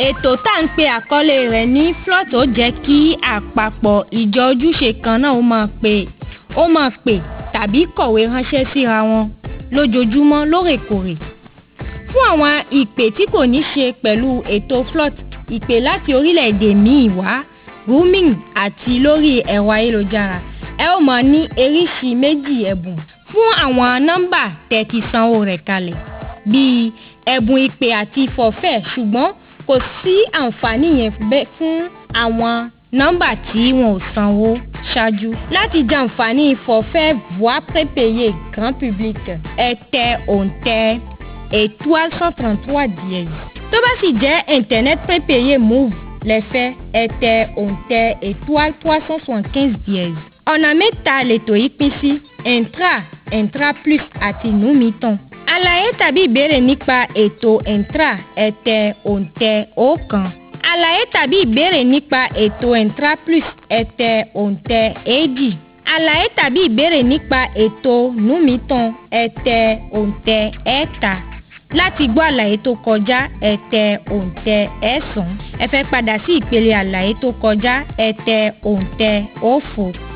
ètò tá à ń pe àkọlé rẹ̀ ní flọ́ọ̀tì ó jẹ́ kí àpapọ̀ ìjọ ojúṣe kan náà ó máa pè ó máa pè tàbí kọ̀wé ránṣẹ́ síra wọn lójoojúmọ́ lóòrèkóòrè fún àwọn ìpè tí kò ní ṣe pẹ̀lú ètò flot ìpè láti orílẹ̀-èdè míì wá roaming àti lórí ẹ̀rọ ayélujára ẹ ó máa ní eríṣi méjì ẹ̀bùn fún àwọn nọ́mbà tẹ́ ti sanwó rẹ̀ kalẹ̀ bíi ẹ̀bùn ìpè àti fọ̀fẹ́ ṣùgbọ́n kò sí àǹfààní yẹn fún àwọn nọ́mbà tí wọn ò sanwó ṣáájú. láti jẹ àǹfààní forfait voie prépayée grand public ẹ tẹ òǹtẹ̀ étoile cent trente trois dièse. tó bá sì jẹ́ internet prépayé move lẹ́fẹ́ ẹ tẹ òǹtẹ̀ étoile trois cent soixante quinze dièse. ọ̀nà mẹ́ta lètò yìí pín sí intra intra plus àti numitan àlàyé tàbí ìbéèrè nípa ètò entra ẹ tẹ òǹtẹ̀ ọ̀kan àlàyé tàbí ìbéèrè nípa ètò entra plus ẹ tẹ òǹtẹ̀ èjì àlàyé tàbí ìbéèrè nípa ètò numitan ẹ tẹ òǹtẹ̀ ẹ̀ta láti gbọ́ àlàyé tó kọjá ẹ tẹ òǹtẹ̀ ẹ̀sán ẹ fẹ́ padà sí ìpele àlàyé tó kọjá ẹ tẹ òǹtẹ̀